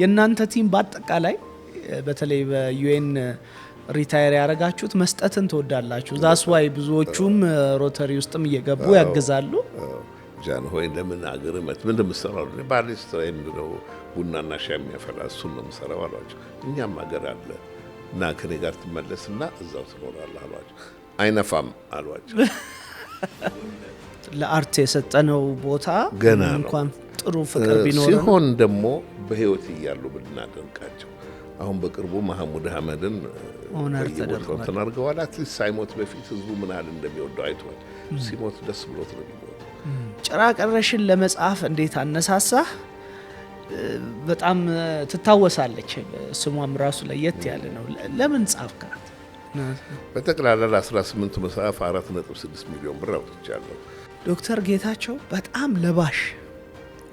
የእናንተ ቲም በአጠቃላይ በተለይ በዩኤን ሪታየር ያደረጋችሁት መስጠትን ትወዳላችሁ። ዛስ ዋይ ብዙዎቹም ሮተሪ ውስጥም እየገቡ ያግዛሉ። ጃን ሆይ ለምን አገር መት ምን እንደምሰራው ባሪስታ ነው ቡናና ሻይ የሚያፈላ እሱን ነው የምሰራው አሏቸው። እኛም አገር አለ እና ከኔ ጋር ትመለስ እና እዛው ትኖራለ አሏቸው። አይነፋም አሏቸው። ለአርት የሰጠነው ቦታ ገና እንኳን ጥሩ ፍቅር ቢኖር ሲሆን ደግሞ በህይወት እያሉ ብናደንቃቸው አሁን በቅርቡ መሐሙድ አህመድን በየቦታው ተናርገዋል። አትሊስት ሳይሞት በፊት ህዝቡ ምን ያህል እንደሚወደው አይተዋል። ሲሞት ደስ ብሎት ነው የሚሞት። ጭራ ቀረሽን ለመጽሐፍ እንዴት አነሳሳህ? በጣም ትታወሳለች። ስሟም ራሱ ለየት ያለ ነው። ለምን ጻፍካት? በጠቅላላ ለ18 መጽሐፍ 4.6 ሚሊዮን ብር አውጥቻለሁ። ዶክተር ጌታቸው በጣም ለባሽ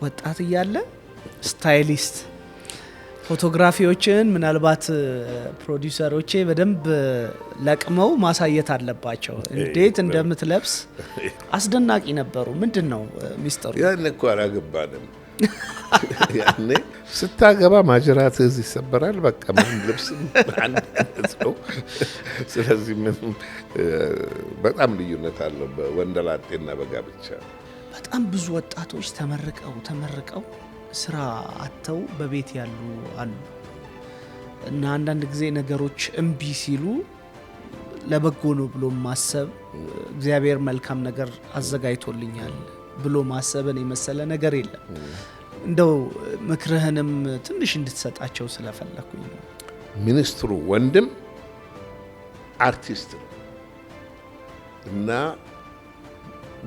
ወጣት እያለ ስታይሊስት ፎቶግራፊዎችን ምናልባት ፕሮዲውሰሮቼ በደንብ ለቅመው ማሳየት አለባቸው። እንዴት እንደምትለብስ አስደናቂ ነበሩ። ምንድን ነው ሚስጥሩ? ያን እኮ አላገባንም። ያኔ ስታገባ ማጅራት እዝ ይሰበራል። በቃ ምን ልብስ ነው። ስለዚህ ምንም በጣም ልዩነት አለው በወንደላጤና በጋብቻ በጣም ብዙ ወጣቶች ተመርቀው ተመርቀው ስራ አጥተው በቤት ያሉ አሉ እና አንዳንድ ጊዜ ነገሮች እምቢ ሲሉ ለበጎ ነው ብሎ ማሰብ እግዚአብሔር መልካም ነገር አዘጋጅቶልኛል ብሎ ማሰብን የመሰለ ነገር የለም። እንደው ምክርህንም ትንሽ እንድትሰጣቸው ስለፈለግኩኝ ነው። ሚኒስትሩ ወንድም አርቲስት ነው እና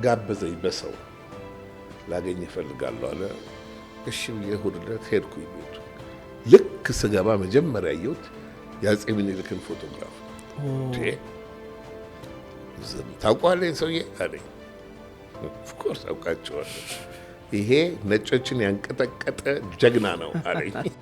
ጋበዘኝ በሰው ላገኝ እፈልጋለሁ አለ። እሺ ብዬ እሑድ ዕለት ሄድኩኝ ቤቱ። ልክ ስገባ መጀመሪያ ያየሁት የአፄ ምኒልክን ፎቶግራፍ ታውቋለህ ሰውዬ አለኝ። ኦፍኮርስ አውቃቸዋለሁ። ይሄ ነጮችን ያንቀጠቀጠ ጀግና ነው አለኝ።